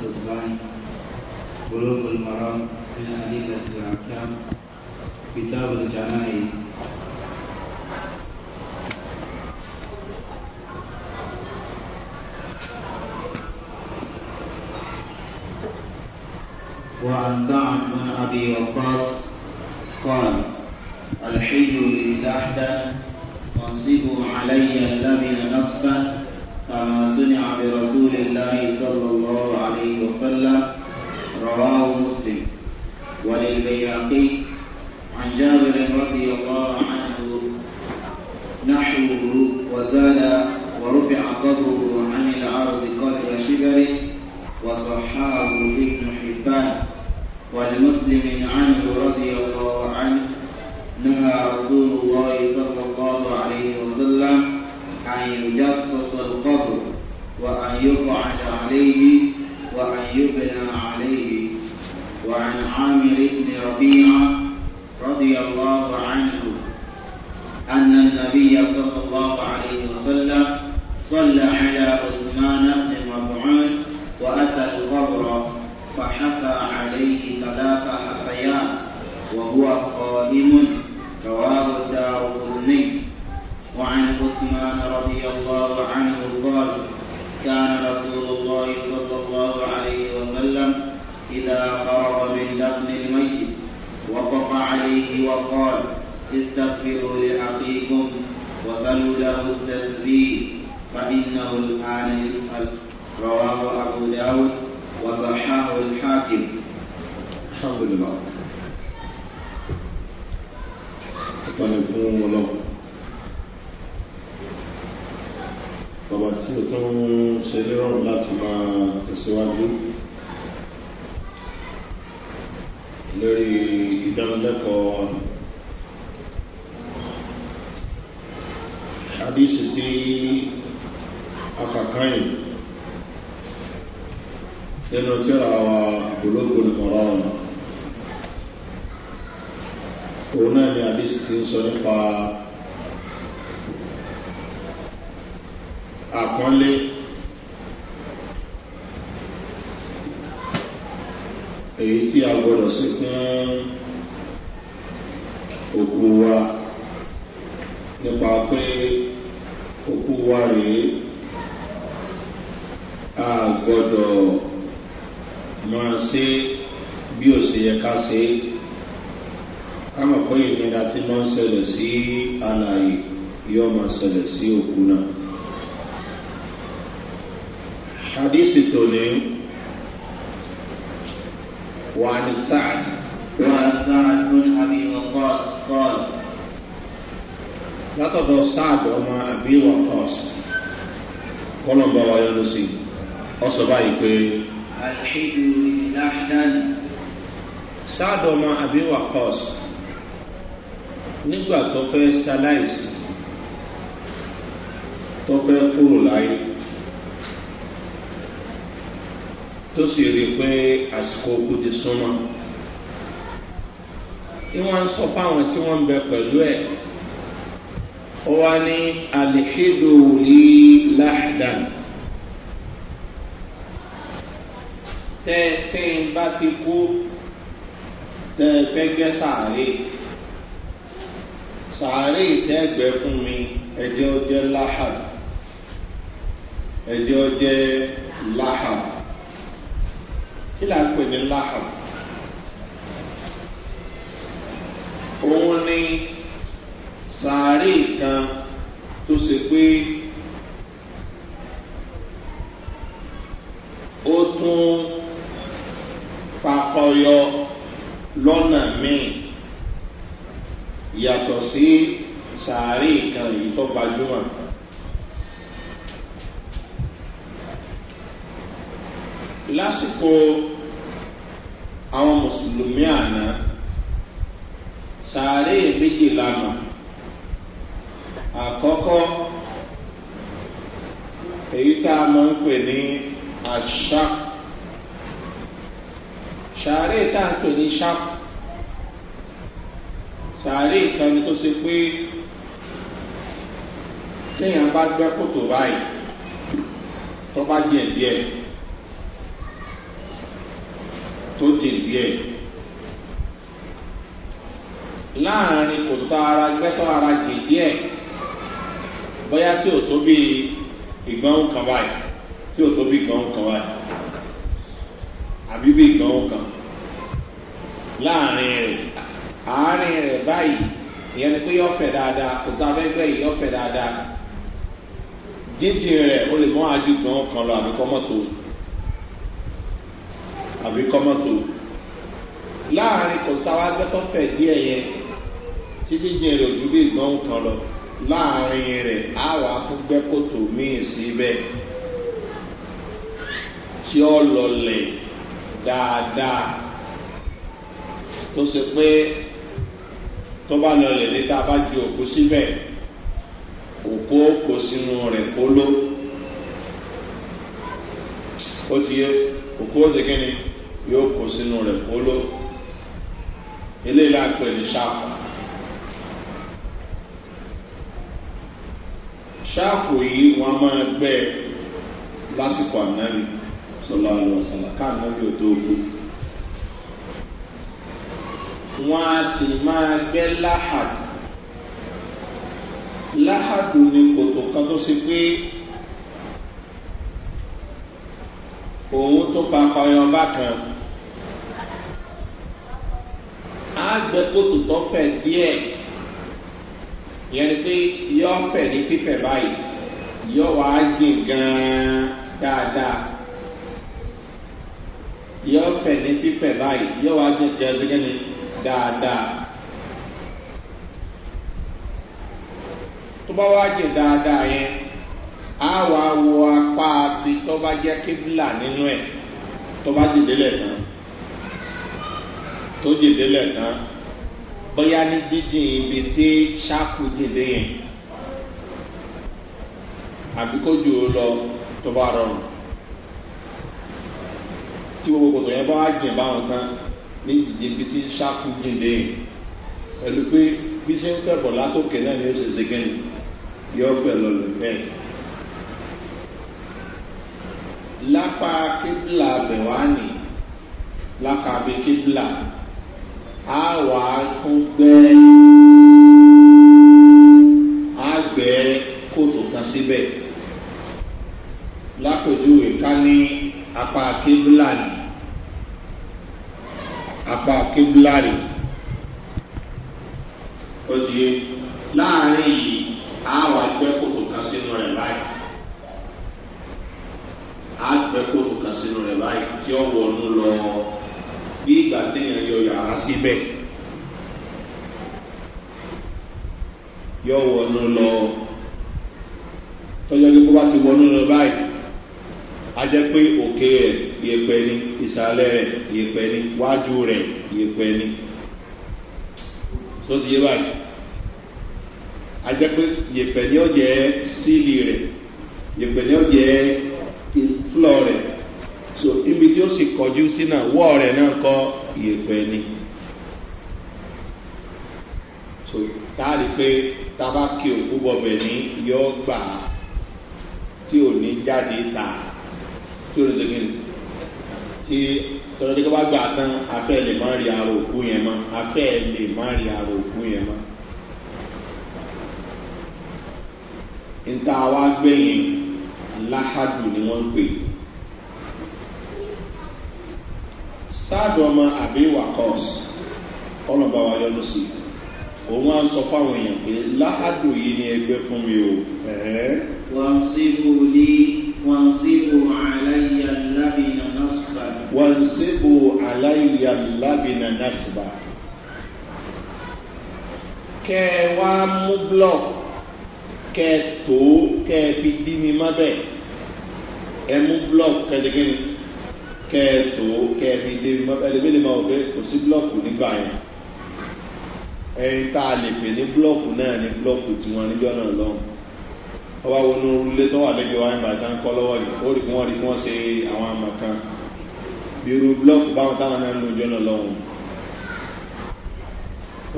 الألباني بلوغ المرام من أدلة الأحكام كتاب الجنائز وعن سعد بن أبي وقاص قال الحي للأحدى وانصبوا علي لبن نصبا كما صنع برسول الله صلى الله عليه وسلم رواه مسلم وللبياقي عن جابر رضي الله عنه نحوه وزاد ورفع قدره عن العرض قدر شبر وصحابه ابن حبان ولمسلم عنه رضي الله عنه نهى رسول الله صلى الله عليه وسلم أن يجصص القبر وأن يقعد عليه وأن يبنى عليه وعن عامر بن ربيعة رضي الله عنه أن النبي صلى الله عليه وسلم صلى على عثمان بن مطعون وأتى القبر فحكى عليه ثلاث حكيات وهو قائم رواه داود وعن عثمان رضي الله عنه قال كان رسول الله صلى الله عليه وسلم إذا قرب من دفن الميت وقف عليه وقال استغفروا لأخيكم وصلوا له التسبيح فإنه الآن يسأل رواه أبو داود وصححه الحاكم الحمد لله bàbá tí ó tún ṣe lérọ̀rùn láti máa tẹ̀síwájú lórí ìdánilẹ́kọ̀ọ́ àdíṣì tí afàkáyìn nínú tíra wa gbòlógbò nìmọ̀rọ̀ òun náà ni àdíṣì tí ń sọ nípa lápọ́nlé èyí tí a gbọ́dọ̀ sí fún òkú wa nípa pé òkú wa rèé a gbọ́dọ̀ máa ṣe bí ó ṣe yẹ ká ṣe ká mọ̀ pé ìnira tí máa ń ṣẹlẹ̀ sí alàyè yóò máa ṣẹlẹ̀ sí òkú náà. حديث توني وعن سعد وعن سعد بن ابي وقاص قال لقد سعد وما ابي وقاص قال بابا يونسي اصبعي في الحلو سعد وما ابي وقاص nígbà tó fẹ́ ṣaláìsì tó fẹ́ tó sì rí i pé àsìkò òkú ti súnmọ́ tí wọ́n ń sọ fáwọn tí wọ́n ń bẹ pẹ̀lú ẹ̀ ó wá ní àlèkédò ní láàdán tẹ́ tí ń bá ti kú tẹ́ fẹ́ gbẹ́ sàárè sàárè ìtẹ́gbẹ́ fún mi ẹjẹ́ ó jẹ́ láhàd ẹjẹ́ ó kí là ń pè ní láhàm òun ni sàárè kan tó ṣe pé ó tún fakọyọ lọ́nà míì yàtọ̀ sí sàárè kan yìí tó gbajúmọ̀. lásìkò àwọn mùsùlùmí àná sàárè méjì lánà àkọ́kọ́ èyí tá a máa ń pè ní àṣàk sàárè tá a pè ní ṣàk sàárè ìtọ́ni tó ṣe pé téèyàn bá gbẹ́ kòtò báyìí tó bá díẹ̀ díẹ̀ tó dè díẹ̀ láàrin kò tọ́ ara gbẹ́tọ́ ara dè díẹ̀ bóyá tí ò tó bí ìgbọ́n kan báyìí tí ò tó bí ìgbọ́n kan báyìí àbí bí ìgbọ́n kan láàrin rẹ̀ àárín rẹ̀ báyìí ìyẹn ni pé yọ fẹ̀ dáadáa kò tá a yìí yọ dáadáa jíjìn rẹ̀ ó lè mọ́ àjùgbọ́n kan lọ àbíkọ́ mọ́tò àbí kọ́mọ́tò láàrin kò táwa gbẹ́tọ́ fẹ̀ díẹ̀ yẹn títí jẹ́ rẹ̀ ojú bí ìgbọ́n kan lọ láàrin rẹ̀ á wà fún gbẹ́kòtò míì síbẹ̀ tí ó lọlẹ̀ dáadáa tó ṣe pé tó bá lọlẹ̀ níta bá ju òkú síbẹ̀ òkú kò sínú rẹ̀ kóló ó ti yẹ òkú ó ṣe kí ni yóò kó sínú rẹ̀ polo eléyìí la pè ní ṣáàpù ṣáàpù yìí wọ́n máa gbẹ́ lásìkò ànábì sọlá àlùsọlá káànábì ò tó kú wọ́n á sì máa gbẹ́ láhàdù láhàdù ni kòtò kan tó ṣe pé òun tó pa akọyọ bákan. àgbẹ̀ kótó tó fẹ̀ díẹ̀ yẹn pé yọ fẹ̀ ní fífẹ̀ báyìí yọ wá jìn gan-an dáadáa yọ fẹ̀ ní fífẹ̀ báyìí yọ wá jìn gan-an dáadáa. tó bá wá jìn dáadáa yẹn á wá wo apá àti tó bá jẹ́ kébìlà nínú ẹ̀ tó bá jìn délẹ̀ tán tó jìn délẹ̀ tán bóyá ní dídìn ibi tí ṣáàkù dìde yẹn àbí kó jù ú lọ tó bá rọrùn tí gbogbo kòtò yẹn bá wá jìn báwọn tán ní dídìn ibi tí ṣáàkù dìde yẹn pẹ̀lú pé bí ṣe ń fẹ̀bọ̀ látòkè náà ni ó ṣe ṣe gẹ́ni yọ pẹ̀lú olùfẹ́ lápá kébìlà bẹ̀wá nì lápá bí kébìlà á wà á tún gbẹ́ á gbẹ́ kóòtù kan síbẹ̀ lápèjúwe ká ní apá kébìlà ní apá kébìlà rèé. ìsàlẹ̀ rẹ̀ ìyẹ̀pẹ̀ ni wájú rẹ̀ ìyẹ̀pẹ̀ ni tó ti yé báyìí ajẹ́ pé ìyẹ̀pẹ̀ ni ó jẹ́ síìlì rẹ̀ ìyẹ̀pẹ̀ ni ó jẹ́ fúlọ̀ rẹ̀ so ibi tí ó sì kọjú sí náà wọ́ rẹ̀ náà kọ́ ìyẹ̀pẹ̀ ni so táàrí pé tábàkì òkú bọ̀bẹ̀ ní yọ gbà tí ò ní jáde tà tí ò ní sẹ́yìn. tí tọ́jú tó bá gbà tán afẹ́ lè má rí ara òkú yẹn mọ́ afẹ́ lè má rí ara òkú yẹn mọ́. nta wa gbẹ̀yìn láhàdù ni wọ́n ń pè. sáàdù ọmọ àbí wakọ́s ọlọ́ba wa yọnu sí òun á sọ èèyàn pé láhàdù yìí ni ẹgbẹ́ fún mi o. náà. wọ́n ṣe bò aláìyá lábìnà nàṣìbà kẹ wá mú blọk kẹ tó kẹ fi dí mi má bẹ ẹ mú blọk kẹdẹgẹni kẹ tó kẹ fi dí mi má bẹ ẹdẹgbẹ lè máa wọ pé kò sí blọk nígbà yẹn ẹyin tá a lè pè ní blọọkù náà ní blọọkù tiwọn níjọ náà lọ ọba wo ní orílẹ̀ tó wà lẹ́gbẹ̀ẹ́ wa ń bàtà ń kọ́ lọ́wọ́ yìí ó rí kí wọ́n rí kí wọ́n ṣe àwọn àmọ̀ kan irú blọọkù báwọn táwọn náà ń lójó náà lọ́wọ́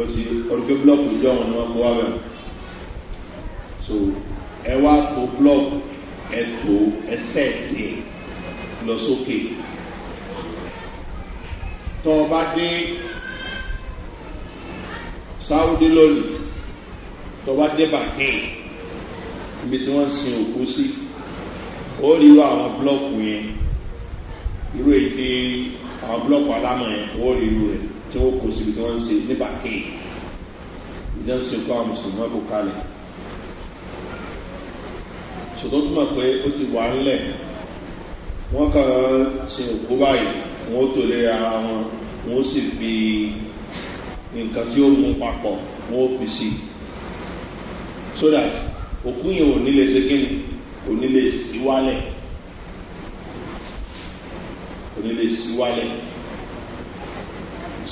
o ti ọdún blọọkù ìjọ wọn ni wọn kó wá bẹ so ẹ wá tó blọọkù ẹ tó ẹsẹ tiẹ lọ sókè tọ́ ọ bá dé sáwùdí lónìí tọ́ ọ bá dé bàkín ibi tí wọ́n sin òkú sí ó rí irú àwọn blọọkù yẹn irú ète àwọn búlọ́ọ̀kù alámọ̀ yẹn wọ́n rí irú rẹ̀ tí wọ́n kò síbi tí wọ́n ń se níbà kéè ìdá ń se kó àwọn mùsùlùmí kó kalẹ̀ ṣòtó túmọ̀ pé ó ti wà ńlẹ̀ wọ́n kàn ṣe òkú báyìí wọ́n tó lé ara wọn wọ́n sì fi nǹkan tí ó mú papọ̀ wọ́n fi sí so that òkú yẹn ò ní lè ṣe kíni ò ní lè síwálẹ̀ ní lè sí wálẹ̀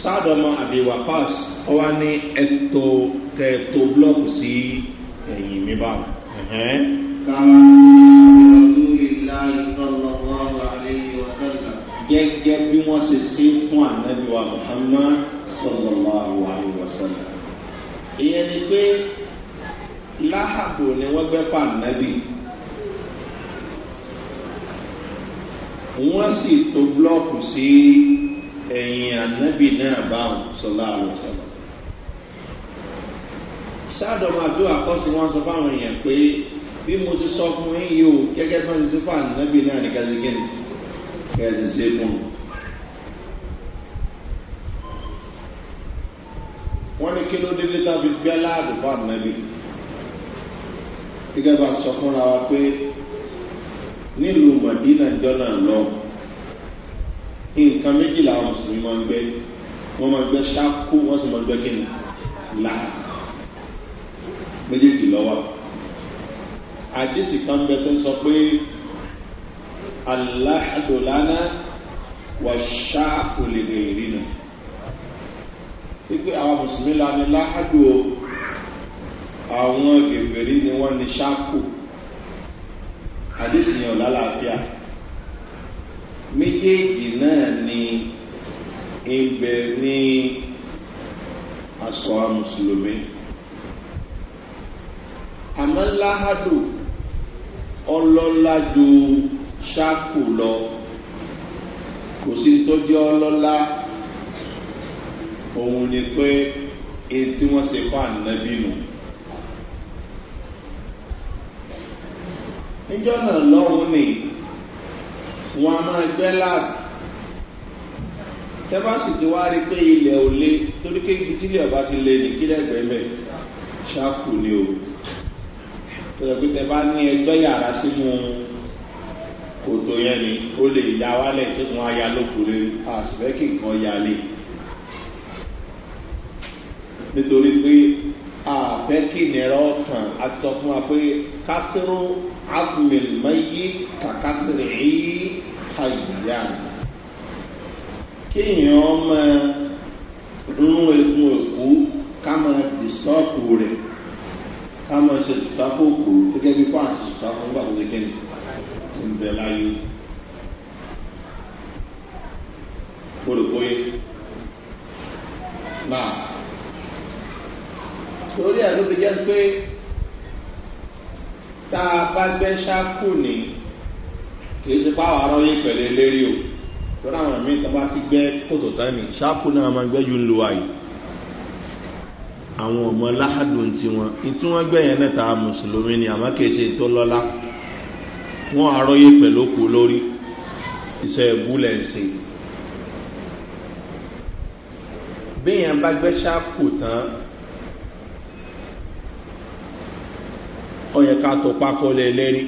sáàdọ̀mọ àbíwá pass ọ wá ní ẹ̀tọ́ kẹtọ́ blọọkù sí ẹ̀yìn mi báwọn. káwọn sí ìlà ìtọ́lọ̀ wọn wà lẹ́yìn ọ̀tọ́lá. ṣe fún ànábìwá muhammad sọlọ́lá àwọn àìwọ̀sọ̀lá. ìyẹn ni pé láhàbò ni wọ́n gbẹ́ fún ànábì. wọ́n sì tó búlọ́ọ̀kù sí ẹ̀yìn ànábì náà báwọn sọlá àlọ́sọ̀lá. sáàdọ̀mọ̀ àdó àkọ́sí wọn sọ fáwọn èèyàn pé bí mo ti sọ fún yín yìí o gẹ́gẹ́ bá ti sí fún ànábì náà ní kẹ́sìkẹ́ni kẹ́sì sí fún un. wọ́n ní kí ló dé létà fi gbẹ́ fún ànábì. gẹ́gẹ́ bá sọ fúnra wa pé nílùú madina jọ́nà náà nǹkan méjì làwọn mùsùlùmí máa ń gbẹ wọ́n máa gbẹ ṣáko wọ́n sì máa gbẹ kíni là méjèèjì lọ́wọ́ àdìsí kan bẹ tó ń sọ pé aláhàdùlánà wà ṣáàkù lè lè rí nà àwọn mùsùlùmí làwọn láhàdù àwọn èbèrè ni wọ́n ní ṣáàkù àdìsí yẹn ọ̀la làáfíà méjèèjì náà ni ibẹ̀ ní aṣọ mùsùlùmí àmọ́ láhàdù ọlọ́lá ju ṣáàkù lọ kò sí tó jẹ́ ọlọ́lá òun ni pé èyí tí ṣe fún ànábì níjọ́ náà lọ́hùn ni wọn a máa gbẹ́ láàbù tẹ́fà sì ti wá rí pé ilẹ̀ ò lé torí pé ibi ọba ti lé ní kílẹ̀ gbẹ́mẹ̀ ṣáàkù ni o tọ́jà pé tẹ́fà ní ẹgbẹ́ yàrá sínú kòtò yẹn ni ó lè ya wálẹ̀ tí wọ́n á ya lókùnrin àṣìfẹ́kì kan ya lé nítorí pé àfẹ́kì nìrọ̀ kan àti sọ fún wa pé kásírò asumil mayi kakasiri ɛyi hayiya kéèyàn ọmọ nínú egun èkó ká máa dìstọ́pù rẹ̀ ká máa ṣe tùtàkù òkú gẹ́gẹ́ bí kó àti tùtàkù ńgbà tó gẹ́gẹ́ ní ti ń bẹ láyé. olùkóyè náà torí ẹ̀ ló ti jẹ́ pé tá a bá gbẹ́ ṣáko ní kì í ṣe pa àwọn aráyé pẹ̀lú eléré o tọ́lá àwọn míì tó bá ti gbẹ́ kòtò tání ṣáko náà máa gbẹ́ ju ń lo àyè àwọn ọmọ láhàdùn tiwọn ìtú wọn gbẹ̀yẹn náà ta mùsùlùmí ni àmọ́ kì í ṣe tó lọ́lá wọn aráyé pẹ̀lú kù lórí iṣẹ́ ìbúlẹ̀ ṣe béèyàn bá gbẹ́ ṣáko tán. ó yẹ ká tó pákó lé e lérí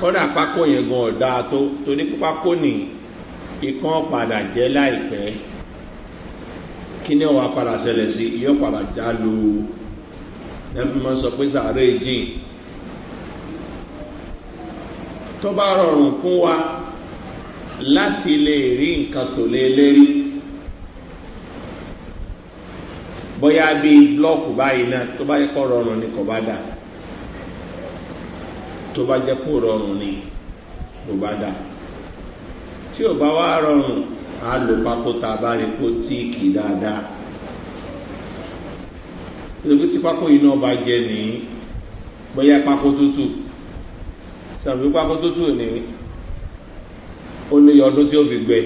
kódà pákó yẹn gan ọ̀dà tó torí pákó ní ikán padà jẹ́ láìpẹ́ kí ni wàá padà ṣẹlẹ̀ sí yóò padà já lu ẹbí máa sọ pé sàárè jìn tó bá rọrùn fún wa láti lè rí nǹkan tó lé e lérí. bóyá bíi blọ́ọ̀kù báyìí náà tó bá yẹ rọrùn ni kò bá dà tó bá jẹ́ kó rọrùn ni kò bá dà tí ò bá wá rọrùn á lò pákó tá a bá rí kó tíìkì dáadáa ìdòkú tí pákó yìí náà bá jẹ ní ọdún tí ó fi gbẹ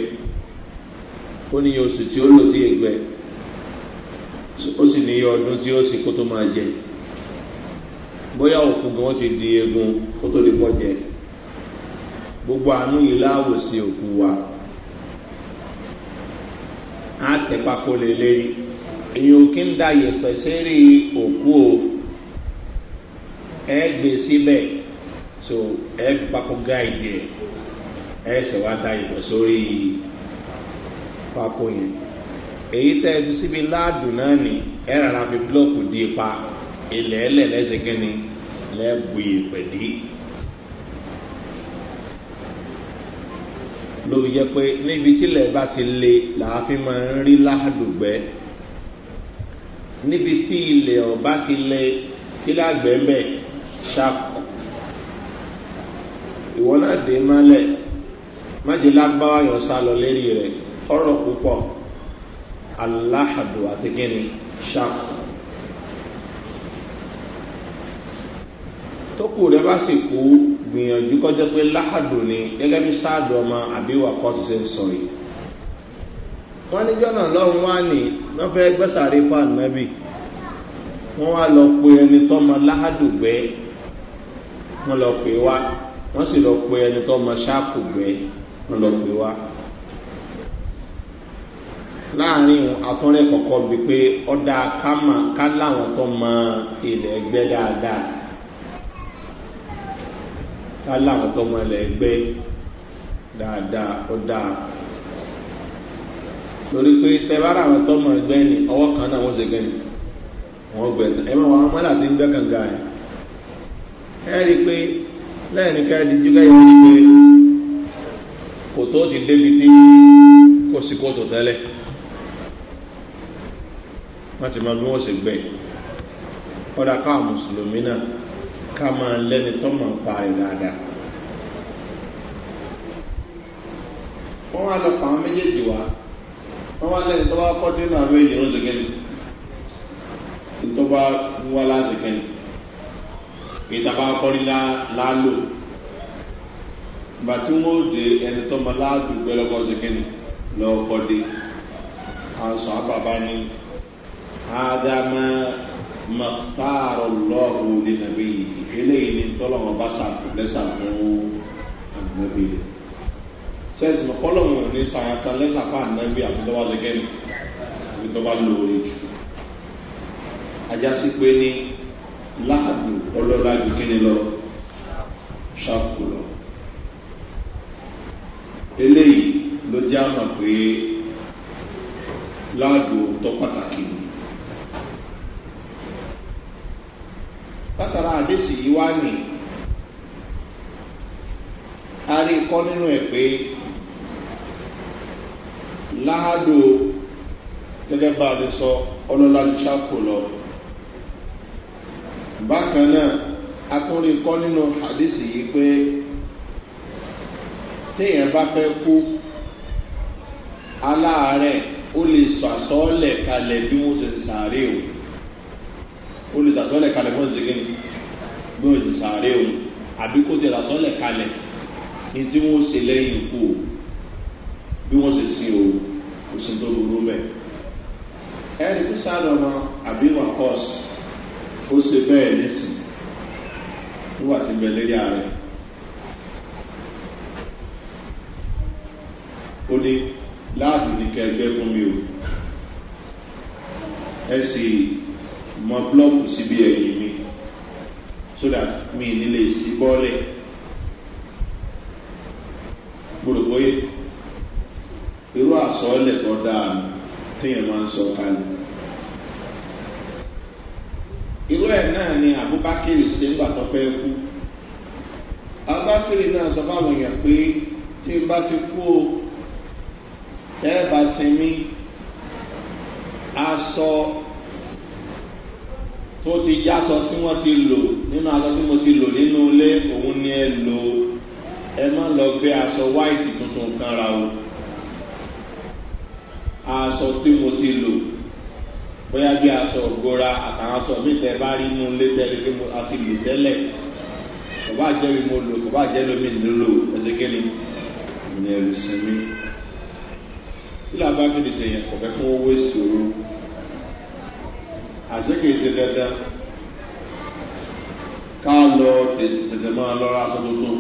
ó ní oṣù tí ó lò sí ó sì ní ọdún tí ó sì kó tó máa jẹ bóyá òkú gan ó ti di egun kó tó lè pọ̀ jẹ gbogbo àánú yìí láwò sí òkú wa á tẹ pákó lè èyí ò kí ń da yẹ̀pẹ̀ sẹ́rí òkú o ẹ gbé síbẹ̀ so ẹ fi pákó gáìdì ẹ ẹ ṣẹ̀ wá da yẹ̀pẹ̀ sórí pákó yẹn èyí tẹ́ ẹ ti síbi láàdù náà ni ẹ rárá fi búlọ́ọ̀kù di ipa ilẹ̀ ẹlẹ̀ lẹ́sẹ̀ kẹ́ni lẹ́bù ìpẹ̀dí. lóbi jẹ́ pé níbi tílẹ̀ bá ti le làá fi máa ń rí láàdù gbẹ́ níbi tí ilẹ̀ ọ̀bá ti le kílágbẹ́ mbẹ́ ṣàkó ìwọ náà dé mọ́lẹ̀ májèlá gbáwá yọ̀ sálọ lérí rẹ̀ ọ̀rọ̀ púpọ̀ aláhàdù àti gíní ṣáàkù tókù rẹ bá sì kú gbìyànjú kọjá pé láhàdù ni gẹ́gẹ́ bí sáàdù ọmọ àbíwá kọ́sẹ̀ sọ yìí wọ́n ní jọ́nà lọ́run wá ní wọ́n fẹ́ gbẹ́sàrí fún ànábì wọ́n wá lọ pe ẹni tọ́mọ láhàdù gbẹ́ wọ́n lọ pe wá wọ́n sì lọ pe ẹni tọ́mọ ṣáàkù gbẹ́ wọ́n lọ pe wá láàrin òun atọ́rẹ́ kọ̀kọ́ bi pé ọ̀dà kámà ká láwọn tó mọ ilẹ̀ ẹgbẹ́ dáadáa ká láwọn tó mọ ilẹ̀ ẹgbẹ́ dáadáa ọ̀dà torí pé tẹ́bára àwọn tó mọ ẹgbẹ́ ni ọwọ́ kan náà wọ́n ṣe gbẹ́ ni wọ́n gbẹ́ ni ẹ̀rọ àwọn ọmọdé àti ń gbẹ́kàn ga ẹ̀ ẹ́ rí i pé lẹ́yìn ní káyọ̀ díjú káyọ̀ díjú pé kò tó ti débi tí kò sí kóòtù tẹ́lẹ̀ wọ́n ti máa bí wọ́n ṣe gbẹ̀ ọ̀dà káà mùsùlùmí náà ká máa lẹ́ni tó máa pa ìlàdà wọ́n wá lọ pa àwọn méjèèjì wá wọ́n wá lẹ́ni tó bá kọ́ dínú àwọn èèyàn ló ṣe kẹ́ni tó bá wá láti kẹ́ni ìtàbá kọ́ni lálò bàtí wọ́n dé ẹni tó máa láàdùn gbẹ́lọ́kọ́ ṣe kẹ́ni lọ́kọ́ dé àwọn sọ àbàbá ni ádámà mọ̀tàrọ̀ lọ́ọ̀hún ní nàbí yìí eléyìí ní tọ́lọ́mọ bá sàkúlẹ́sà fún ànábì rẹ̀ sẹ́sì mọ̀ kọ́lọ́mù ní sàyàtà lẹ́sà fún ànábì àbúdọ́wà lẹ́gẹ́ni àbúdọ́wà lóore jù ajá sí pé ní láàbù ọlọ́lá ju kíni lọ ṣàkó lọ eléyìí ló jẹ́ àmọ̀ pé látara àdéṣì yìí wá nì a rí kọ́ nínú ẹ̀ pé láàdó gẹ́gẹ́ bá a ti sọ ọlọ́lá ti ṣàkó lọ bákan náà a tún rí kọ́ nínú àdéṣì yìí pé téèyàn bá fẹ́ kú aláàárẹ̀ ó lè sọ àsọ́ọ́lẹ̀ kalẹ̀ bí wọ́n ṣe sàárè o ó lè sọ kalẹ̀ bí wọ́n bí wọ́n ti sàárè òun àbí kó tẹ̀lé àsọ́lẹ̀ kalẹ̀ ní tí wọ́n ṣe lẹ́yìn ikú o bí wọ́n ṣe sin o kò sí tó burú mẹ́. ẹni tó sáré ọmọ àbí wà kọ́ọ̀sì ó ṣe bẹ́ẹ̀ nísìn nígbà tí bẹ lérí ààrẹ. ó ní láàbù ní kẹgbẹ́ fún mi o ẹ sì mọ búlọ́ọ̀kù síbi ẹ̀yìn mi so that mi ní lè sí bọ́ọ̀lẹ̀ gbòdògbò yìí irú àsọ̀ọ́lẹ̀ tó dáa mi téèyàn máa ń sọ irú ẹ̀ náà ni abubakiri ṣe ń gbà tó fẹ́ kú abubakiri náà sọ fáwọn èèyàn pé tí n bá ti kú o ẹ sinmi aṣọ tó ti yásọ tí wọ́n ti lò nínú aṣọ tí mo ti lò nínú ilé òun ni ẹ lò ẹ má lọ gbé aṣọ white tuntun kan ra o aṣọ tí mo ti lò bóyá bí aṣọ ògbóra àtàwọn aṣọ mi tẹ bá rí inú ilé tẹ́lẹ̀ pé mo ti lò tẹ́lẹ̀ kò bá jẹ́ mi mo lò kò bá jẹ́ lómi nílò ẹsẹ̀ kí ni ìyẹn ẹ̀rù sí mi ilé abájú ni sèyàn kò fẹ́ fún owó èsì òru àṣekè ṣe dandan ká lọ tẹ̀sẹ̀ máa lọ ra tuntun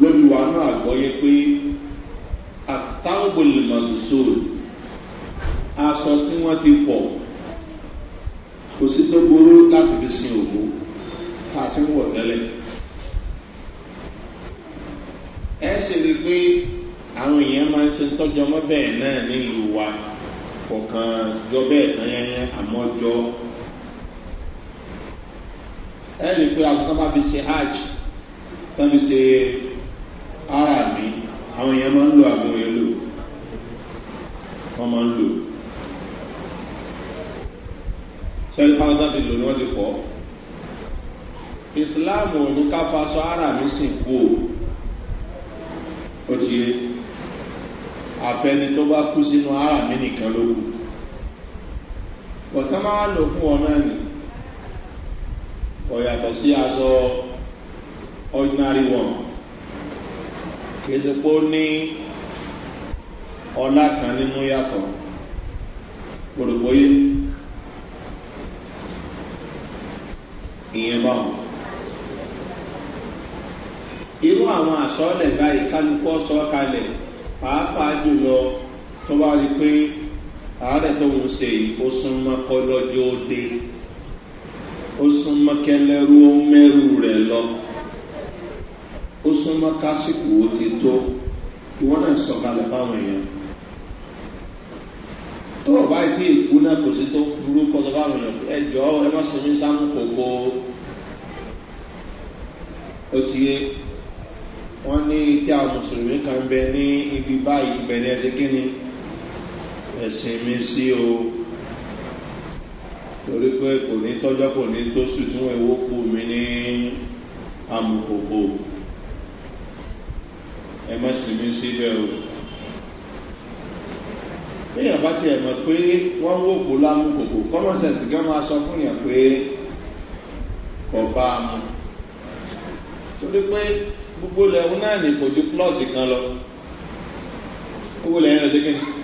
lójúwa náà gbọ́yé pé àtàwọ̀lì màlúsọ̀rọ̀ aṣọ tí wọ́n ti pọ̀ kò sí tó gbóró láti fi sin òkú tá a ti ń wọ̀ tẹ́lẹ̀ ẹ sì rí pé àwọn èèyàn máa ń ṣe tọ́jú ọmọ bẹ́ẹ̀ náà nílùú wa kọ̀ọ̀kan jọ bẹ́ẹ̀ tán yẹn àmọ́jọ́ ẹ lè pe àwọn sábà fi ṣe hajj tán fi ṣe ara mi àwọn èèyàn máa ń lo àwọn èèyàn lò wọ́n máa ń lò sẹ́yìn pàṣẹ ti lò ní wọ́n ti fọ́ ìsìláàmù ní ká faṣọ ara mi sì kú o ó ti yé àfẹni tó bá kú sínú ara mi nìkan ló kù bọ̀tá máa lò fún ọ náà nìyí. kọ̀ asọ sí aṣọ ordinary one kìí ṣe pé ó ní ọlá kan nínú yàtọ̀ gbòdògbòye ìyẹn báwọn irú àwọn àsọ́ọ̀lẹ̀ báyìí kálukú ọ̀sọ́ kalẹ̀ pàápàá jùlọ tó bá rí pé àárẹ̀ tó ń ṣe lọ́jọ́ ó súnmọ́ kẹlẹ́rú ó mẹ́rù rẹ̀ lọ ó súnmọ́ kásìkò ó ti tó ìwọ́n náà sọ̀kalẹ̀ fáwọn èèyàn tó o bá ti èkú náà kò sí tó burú kọ́tọ́ fáwọn èèyàn ẹ jọ ẹ má sinmi sáwọn kòkó ó ti yé wọ́n ní kí a mùsùlùmí kan bẹ ní ibi báyìí bẹ̀rẹ̀ ẹsẹ̀ kí ni ẹ̀sìn mi sí o torí pé kò ní tọ́jọ́ kò ní tó sì tún ewu kú mi ní amòkòkò ẹ má sì mí síbẹ̀ o. Téèyàn bá tiẹ̀ mọ̀ pé wọ́n wò kó lámùkòkò kọ́mọ̀sẹ̀tì gan máa sọ fún yàn pé kò bá a mú. Torí pé gbogbo lẹ́hún náà ní plọ́ọ̀tì kan lọ. Owó lẹ́yìn lọ́dẹ́gẹ́ni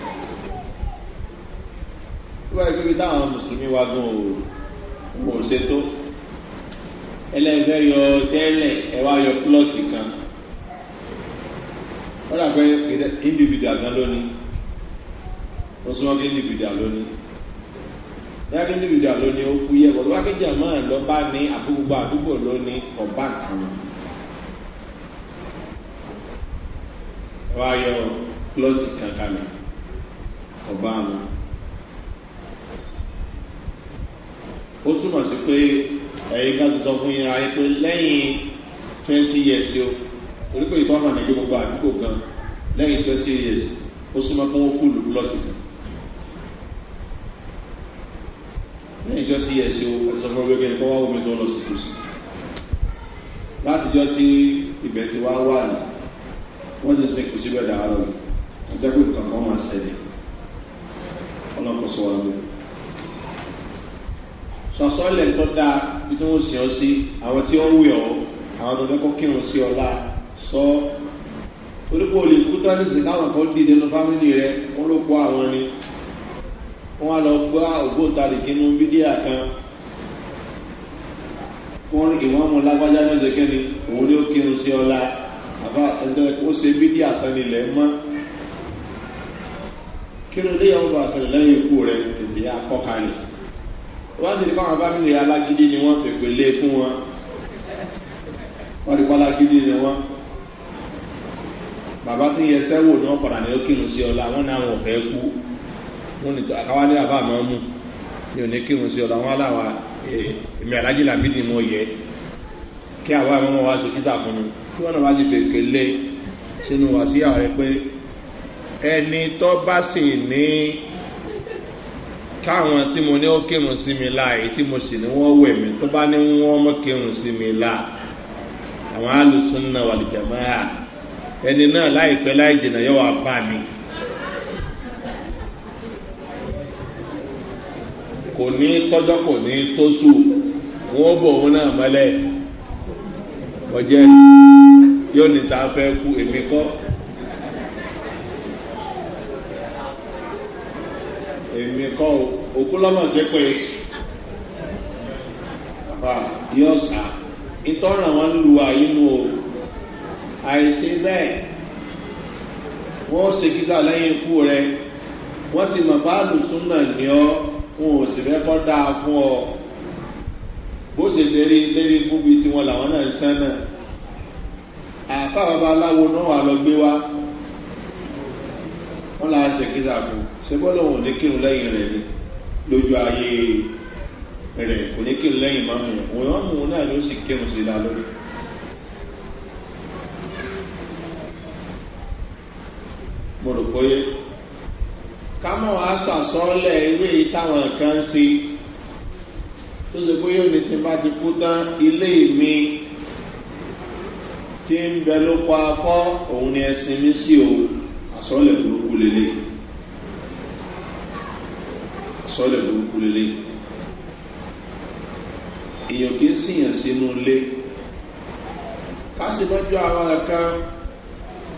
wíwá ìgbébi táwọn mùsùlùmí wa gan o ò ṣètò ẹlẹ́fẹ́ yọ tẹ́lẹ̀ ẹ wá yọ plọ́ọ̀tì kan wọ́n dà pé individual gan lónìí wọ́n súnmọ́ pé individual lónìí yàtọ̀ individual lónìí ó fú yẹ bọ̀dọ̀ wákẹ́ jàmọ́ àlọ́bá ní àbúgbò àdúgbò lónìí ọ̀bá kan wọ́n á yọ plọ́ọ̀tì kankan ọ̀bá àwọn. ó túmọ̀ sí pé ẹ̀yin kan ti sọ fún yín ayé pé lẹ́yìn twenty years o oríkò ìtọ́nà nàìjíríà gbogbo àdúgbò gan lẹ́yìn twenty years ó súnmọ́ fún ó kúlù lọ́sì kan lẹ́yìn twenty years o àti sọ́kọ́ gbẹ́gẹ́ ní kọ́wá omi tó lọ sí kù sí látijọ́ tí ibẹ̀ ti wá wà ní wọ́n ti sìnkú síbẹ̀ dàárọ̀ ẹgbẹ́ pé nǹkan kan máa ṣẹlẹ̀ ọlọ́kọ̀ sọ wa lóyún sọ̀sọ́lẹ̀ tó dáa bí tó ń sìn ọ́ sí àwọn tí ó ń wẹ̀ ọ́ àwọn tó fẹ́ kó kírun sí ọlá sọ orúkọ olè kú tó ní sìn káwọn kan dìde nu fámìlì rẹ wọn ló kó àwọn ni wọn á lọ gbá ògbóǹtarìkì nu bídíà kan wọn ìwọ́n mu lágbájá ní ọ̀sẹ̀ kẹ́ni òun ni ó kírun sí ọlá àbá ẹ̀dọ́ ó ṣe bídíà kan nílẹ̀ mọ́ kírun léyàwó bá ṣẹlẹ̀ lẹ́yìn ikú rẹ̀ èdè akọ́kalẹ̀ wọ́n sì ní báwọn fámìlì alágídí ni wọ́n fèpè lé fún wọn wọ́n rí pálágídí ni wọ́n bàbá tí yẹ sẹ́wò náà padà ní ókìrùn sí ọlá wọn náà wọn fẹ́ kú wọn ni àkáwá ní àbá àmọ́ mú ní òní kírun sí ọlá wọn aláwa èmi alájí làbí ni mo yẹ kí àwa àmọ́ wa sì kíta fún un kí wọ́n náà wá sì fèpè lé sínú wàsíyà rẹ pé ẹni tó bá sì ní. káwọn tí mo ní ó kírun sí mi la èyí tí mo sì ní wọ́n wẹ̀ mí tó bá ní wọ́n mọ́ kírun sí mi la àwọn alùsùn náà wà lùjàmọ́ à ẹni náà láìpẹ́ láì jìnnà yóò wá bá mi. kò ní tọ́jọ́ kò ní tóṣù wọ́n bọ̀ òun náà mọ́lẹ̀ ọjọ́ yóò ní ta fẹ́ ku èmi kọ́. èmi kọ́ o òkú lọ́mọ̀ sí pé bàbá yóò sá ìtọ́ràn wọn lu àyínú o àìsí bẹ́ẹ̀ wọ́n ṣe kíkà lẹ́yìn ikú rẹ wọ́n ti mọ̀ bá lùsùn náà ní ọ́ wọn ò sì fẹ́ kọ́ dáa fún ọ bó ṣe lérí lérí gbúbi tiwọn làwọn náà ń sán náà àfa babaláwo náà wà lọ gbé wa wọn là ń ṣe kíta fún ṣẹbọ́lọ̀ wọn ní kírun lẹ́yìn rẹ̀ ni lójú ayé rẹ̀ kò ní kírun lẹ́yìn máa mú wọn wọn mú náà ló sì kírun sí la lórí. mo rò pé kámọ́ aṣàṣọ́lẹ̀ ewé táwọn kan ṣe tó ṣe pé yóò ní tí bá ti kú tán ilé mi ti ń bẹ ló pa akọ́ òun ni ẹ̀sìn mi sí òun àsọ́lẹ̀ burúkú lélẹ̀ àsọ́lẹ̀ burúkú lélẹ̀ èèyàn kì í síyàn sínú ilé ká sì mọ́jú àwọn ẹ̀ka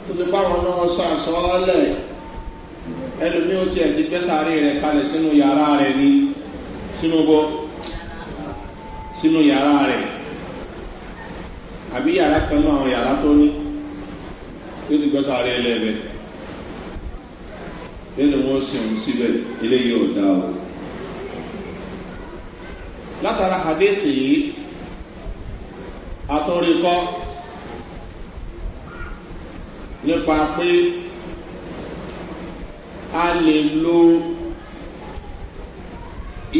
tó ti báwọn náà sọ àsọ́lẹ̀ ẹlòmí ó ti ẹ̀dí gbẹ́sàárì rẹ̀ kalẹ̀ sínú yàrá rẹ̀ ní sínú bọ́ sínú yàrá rẹ̀ àbí yàrá kan náà àwọn yàrá tó ní ó ti gbẹ́sàárì ẹlẹ́bẹ̀ẹ́ nínú wọn sì ń síbẹ̀ eléyìí ò dá o. látara hadesi yìí atọ́rikọ́ nípa pé a lè lo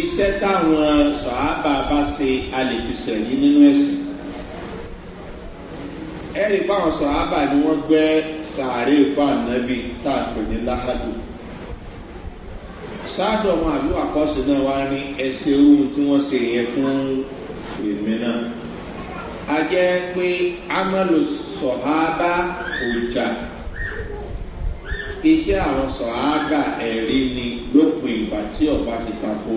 iṣẹ́ táwọn sọ̀hábà bá ṣe a lè fi sẹ̀yìn nínú ẹ̀sìn. ẹ̀rí báwọn sọ̀hábà ni wọ́n gbẹ́ sàárè fún ànábì tá a pè ní láhàdùn sáàdọ̀ wọn àbí àkọ́sí náà wá ní ẹsẹ̀ ohun tí wọ́n ṣe yẹn fún èmi náà a jẹ́ pé amalu sọ̀hábà ọjà iṣẹ́ àwọn sọ̀hábà ẹ̀rí ni lópin ìgbà tí ọba ti tako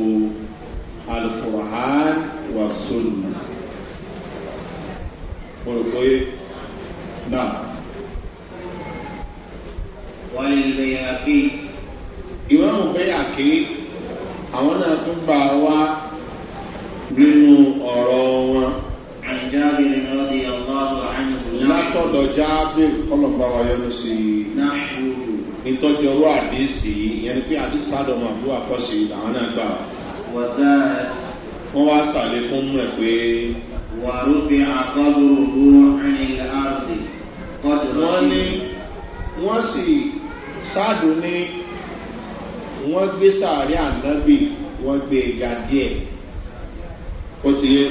alukurahan wa sunna olùkóyè náà. wọ́n lè lè yàgbé. ìwọ́n àwọn bẹ́yà ké àwọn náà tún wa wá nínú ọ̀rọ̀ wọn. àjábìrì náà di ọlọ́run àánìkùnrin. látọ̀dọ̀ jábìrì kọ́lọ̀gbà wa yọ́nu sí i. náà ṣòro. ìtọ́jú ọwọ́ àdéhìsì yẹn ni pé ma àdọ̀mọ̀ àbúrò àkọ́sí làwọn náà gbà. wọ́dà. wọ́n wá fún mú ẹ̀ pé. wàrúbi àkọ́bùrù rúrìn láàrúdì. wọ́n ní wọ́n si sáàdù wọ́n gbé sàárẹ̀ ànábì wọ́n gbé ga díẹ̀ ó ti yẹ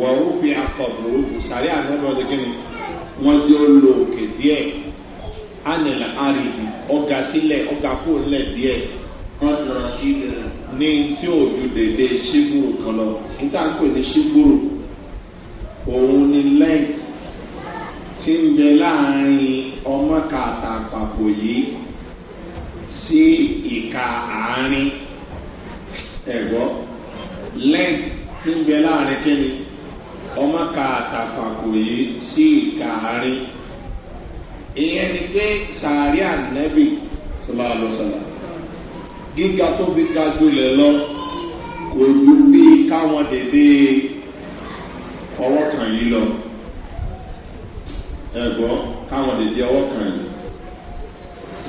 wọ̀ọ́wọ́ fi akọ̀bọ̀ òògùn sàárẹ̀ ànábì ọ̀dẹ̀ kí ni wọ́n ti ó lo òkè díẹ̀ ánìlà àrìbì ọ̀gá sílẹ̀ ọ̀gá kó lẹ̀ díẹ̀ ní tí òjò dédé ṣígbùrù kan lọ níta ń pè ní ṣígbùrù òun ni lẹ́ǹtì tí ń bẹ láàrin ọmọ kàtà yìí sí ìka àárín ẹ̀gbọ́ length ti ń bẹ láàrin kíni ọmọ ka àtàpàkò yìí sí ìka àárín ìyẹn ni pé sàárì ànẹ́bì sọlá lọ́sọ̀lá gíga tó fi ga jùlẹ̀ lọ kò ju bí káwọn dédé ọwọ́ kan yìí lọ ẹ̀gbọ́ káwọn dédé ọwọ́ kan yìí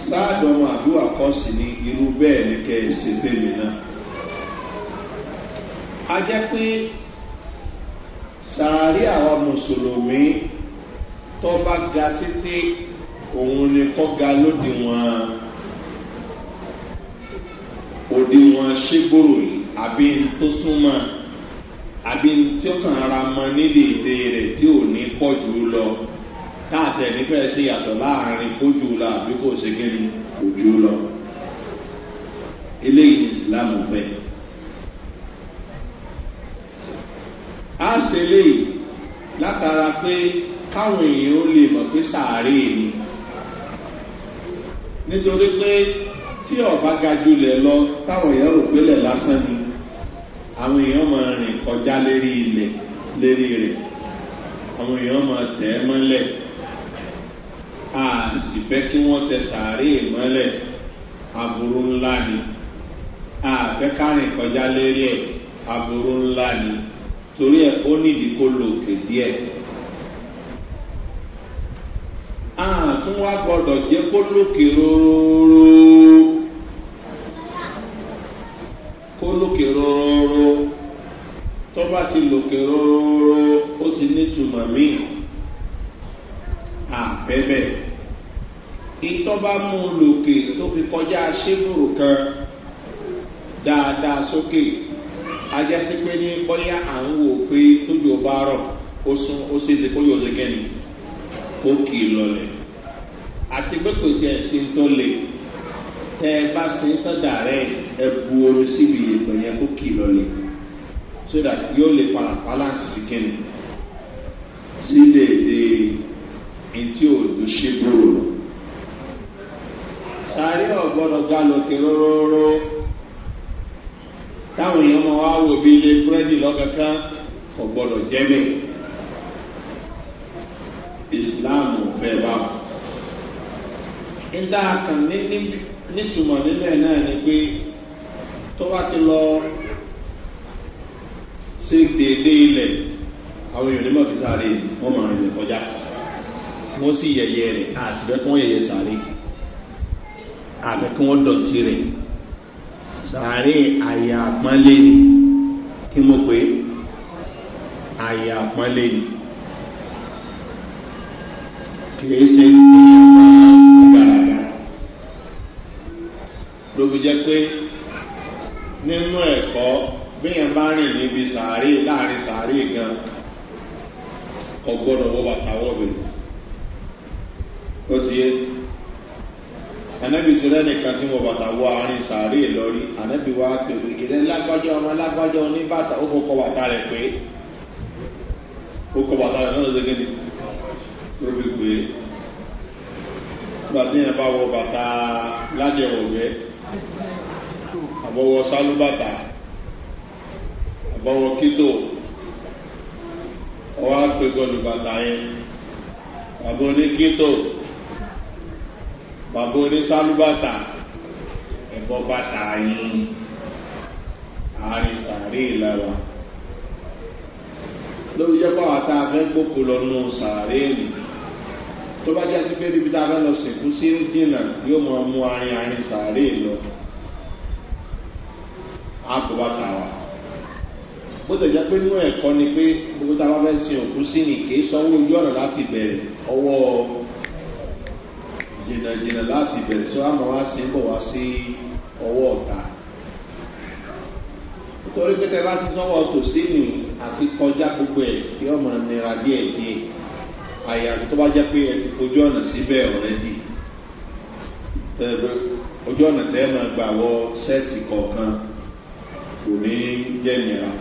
sáàdọ̀mọ̀ àdúrà kan sì ni irú bẹ́ẹ̀ ni kẹ́ ẹ náà. a jẹ́ pé sàárì àwọn mùsùlùmí tó bá ga títí òun ni kọ́ ga lódiwọ̀n òdiwọ̀n ṣégbòrò yìí àbí tó súnmọ́ àbí tí ó kàn ara mọ nídìí ìdè rẹ̀ tí ò ní pọ̀ jù lọ káàtẹ̀ nífẹ̀ẹ́ sí yàtọ̀ láàrin kójú la àbí kò ṣe kí ni ojú lọ eléyìí ní ìsìlámù fẹ́. a ṣe léyìí látara pé káwọn èèyàn ó lè mọ̀ pé sàárè ni nítorí pé tí ọba ga jùlẹ̀ lọ táwọn èèyàn rò pé lẹ̀ lásán ni àwọn èèyàn máa rìn kọjá lérí ilẹ̀ lérí rẹ̀ àwọn èèyàn máa tẹ̀ ẹ́ mọ́lẹ̀ a sì fẹ́ kí wọ́n tẹ sàárè mọ́lẹ̀ aburú ńlá ni a fẹ́ kárìn kọjá lérí ẹ̀ aburú ńlá ni torí ẹ̀ ó nídìí kó lo òkè díẹ̀. a tún wá gbọ́dọ̀ jẹ́ kó lókè róróró kó lókè róróró tó bá ti lòkè róróró ó ti nítumọ̀ míì àfẹ́ bẹ́ẹ̀ ìtọ́ba mú un lòkè tó fi kọjá ṣébùrù kan dáadáa sókè ajásí pé ní bọ́yá à ń wò pé tójú ọba rọ̀ ó sún ó ṣèṣe kó yóò lẹ́gẹ̀ ni ó kì í lọlẹ̀ àti pé kò tiẹ̀ sí ń tó lè tẹ ẹ bá sí ń tán dàrẹ́ ẹ bu oru síbi ìyẹ̀pẹ̀ yẹn kó kì í lọlẹ̀ so that yóò lè palapala sí kíni sí lè dé ntí òdu ṣébùrù lọ. sáré ọgbọdọ gbà lókè róróró táwọn èèyàn máa wá wò bí ilé búrẹ́dì ọgbọdọ ọ̀gbọ́dọ̀ jẹ́mi islam bẹ́ẹ̀ bá wà. nígbà nítumọ̀ níbẹ̀ náà ni pé tó bá ti lọ sí dédé ilẹ̀ àwọn èèyàn nímọ̀ fi sáré wọ́n máa rìn lè wọ́n sì yẹyẹ rẹ̀ yẹyẹ sáré. àbẹ̀ kí wọ́n dọ̀tí rẹ̀ sàárè àyà àpọ́nlé ni kí mo pé àyà àpọ́nlé ni kìí ṣe ní àwọn lóbi jẹ́ pé nínú ẹ̀kọ́ bíyàn bá rìn níbi sàárè láàrin sàárè gan ọgbọ́dọ̀ wọ́n bàtà wọ́bẹ̀ ó ti yé. ànábì ti rẹ́ nìkan tí wọ́n bàtà wọ àárín sàárè lọ́rí ànábì wá pèrè ìdílé lágbájá ọmọ lágbájá oníbàtà ó kọ́kọ́ bàtà rẹ̀ pé ó kọ́ bàtà rẹ̀ náà lọ́dẹ́ gẹ́gẹ́ ló fi pé nígbà tí yẹn bá wọ bàtà lájẹ̀wọ̀ rẹ̀ àbọ̀wọ̀ sálúbàtà àbọ̀wọ̀ kító ọwọ́ àpégọ́lù bàtà yẹn àbọ̀ oníkító bàbá onísálúbàtà ẹ̀bọ bàtà yìí àárín sàárè ìlara lórí jẹ́ pàwọ́ tá a fẹ́ gbókò lọ́nu sàárè nì tó bá jẹ́ sí pé níbi tá a fẹ́ lọ sìnkú sí dínà yóò máa mú arin arin sàárè lọ àkóbátà wa bó tẹ̀jẹ́ pé nínú ẹ̀kọ́ ni pé gbogbo tá a bá fẹ́ sin òkú sí ni kì í sanwó ojú ọ̀nà láti bẹ̀rẹ̀ ọwọ́ ọ jìnnàjìnnà láti bẹ̀rẹ̀ sọ àmọ́ wá sí bọ̀ wá sí ọwọ́ ọ̀tá nítorí pé tẹ́lá ti sanwó tòsí ni àti kọjá gbogbo ẹ̀ kí ọmọ nira díẹ̀ díẹ̀ àyà tó bá jẹ́ pé ẹ ti fojú ọ̀nà síbẹ̀ ọ̀rẹ́ dì ojú ọ̀nà tẹ́ máa gbà wọ sẹ́ẹ̀tì kọ̀ọ̀kan kò ní jẹ́ nira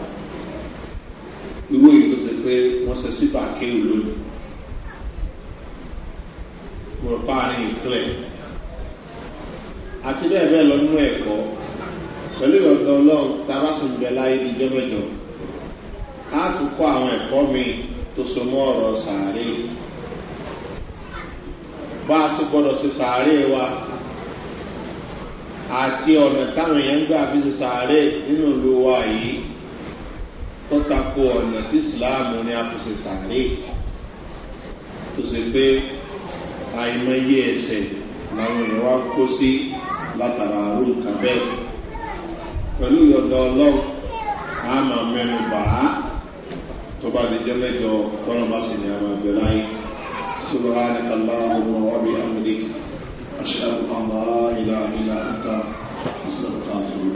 irú èyí tó ṣe pé wọ́n ṣe sípà kéwù lónìí rò páàrin ìtúlẹ̀ àti bẹ́ẹ̀ bẹ́ẹ̀ lọ nínú ẹ̀kọ́ pẹ̀lú ìwọ̀gbẹ́ ọlọ́run tàbá sì ń bẹ láyé ní jẹ́mẹ̀jọ á tún kọ́ àwọn ẹ̀kọ́ mi tó so mọ́ ọ̀rọ̀ sàárè bá a sì gbọ́dọ̀ ṣe sàárè wa àti ọ̀nà táwọn èèyàn gbà fi ṣe sàárè nínú ìlú wa yìí tó tako ọ̀nà tí ìsìláàmù ni a fi ṣe sàárè tó ṣe pé àìmọye ẹsẹ̀ làwọn èèyàn wá kó sí látara àrùn nǹkan bẹ́ẹ̀. pẹ̀lú ìyọ̀dọ̀ ọlọ́run a máa mẹ́nu bà á tó bá lè jẹ́ mẹ́jọ tọ́nà bá sì ní àwọn àgbẹ̀ láyé. سبحانك اللهم وبحمدك أشهد أن لا إله إلا أنت أستغفرك